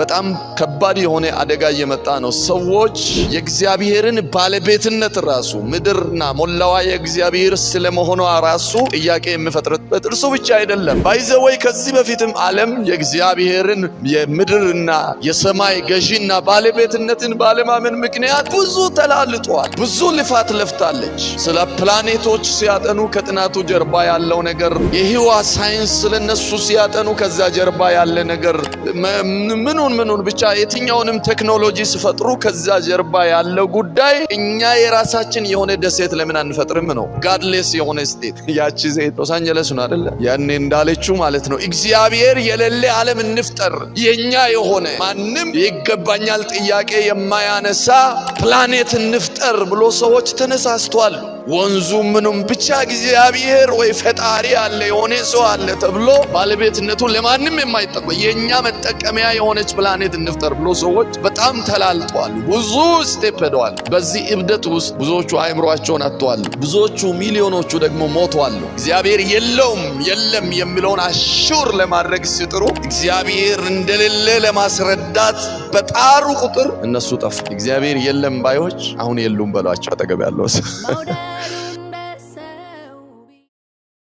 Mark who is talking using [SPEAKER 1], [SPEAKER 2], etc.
[SPEAKER 1] በጣም ከባድ የሆነ አደጋ እየመጣ ነው። ሰዎች የእግዚአብሔርን ባለቤትነት ራሱ ምድርና ሞላዋ የእግዚአብሔር ስለመሆኗ ራሱ ጥያቄ የሚፈጥርበት እርሱ ብቻ አይደለም ባይዘወይ ከዚህ በፊትም ዓለም የእግዚአብሔርን የምድርና የሰማይ ገዢና ባለቤትነትን ባለማመን ምክንያት ብዙ ተላልጧል፣ ብዙ ልፋት ለፍታለች። ስለ ፕላኔቶች ሲያጠኑ ከጥናቱ ጀርባ ያለው ነገር የህዋ ሳይንስ ስለነሱ ሲያጠኑ ከዛ ጀርባ ያለ ነገር ምኑ ምኑን ምኑን ብቻ የትኛውንም ቴክኖሎጂ ስፈጥሩ ከዛ ጀርባ ያለው ጉዳይ እኛ የራሳችን የሆነ ደሴት ለምን አንፈጥርም ነው። ጋድሌስ የሆነ ስቴት ያቺ ሴት ሎስ አንጀለስ ነው አደለ? ያኔ እንዳለችው ማለት ነው እግዚአብሔር የሌለ ዓለም እንፍጠር የኛ የሆነ ማንም ይገባኛል ጥያቄ የማያነሳ ፕላኔት እንፍጠር ብሎ ሰዎች ተነሳስተዋል። ወንዙ ምኑም ብቻ እግዚአብሔር ወይ ፈጣሪ አለ የሆነ ሰው አለ ተብሎ ባለቤትነቱን ለማንም የማይጠበ የእኛ መጠቀሚያ የሆነች ፕላኔት እንፍጠር ብሎ ሰዎች በጣም ተላልጠዋል። ብዙ ስቴፕ ሄደዋል። በዚህ እብደት ውስጥ ብዙዎቹ አእምሯቸውን አጥተዋል። ብዙዎቹ ሚሊዮኖቹ ደግሞ ሞተዋል። እግዚአብሔር የለውም የለም የሚለውን አሹር ለማድረግ ሲጥሩ እግዚአብሔር እንደሌለ ለማስረዳት በጣሩ ቁጥር እነሱ ጠፉ። እግዚአብሔር የለም እምባዮች አሁን የሉም በሏቸው። አጠገብ ያለው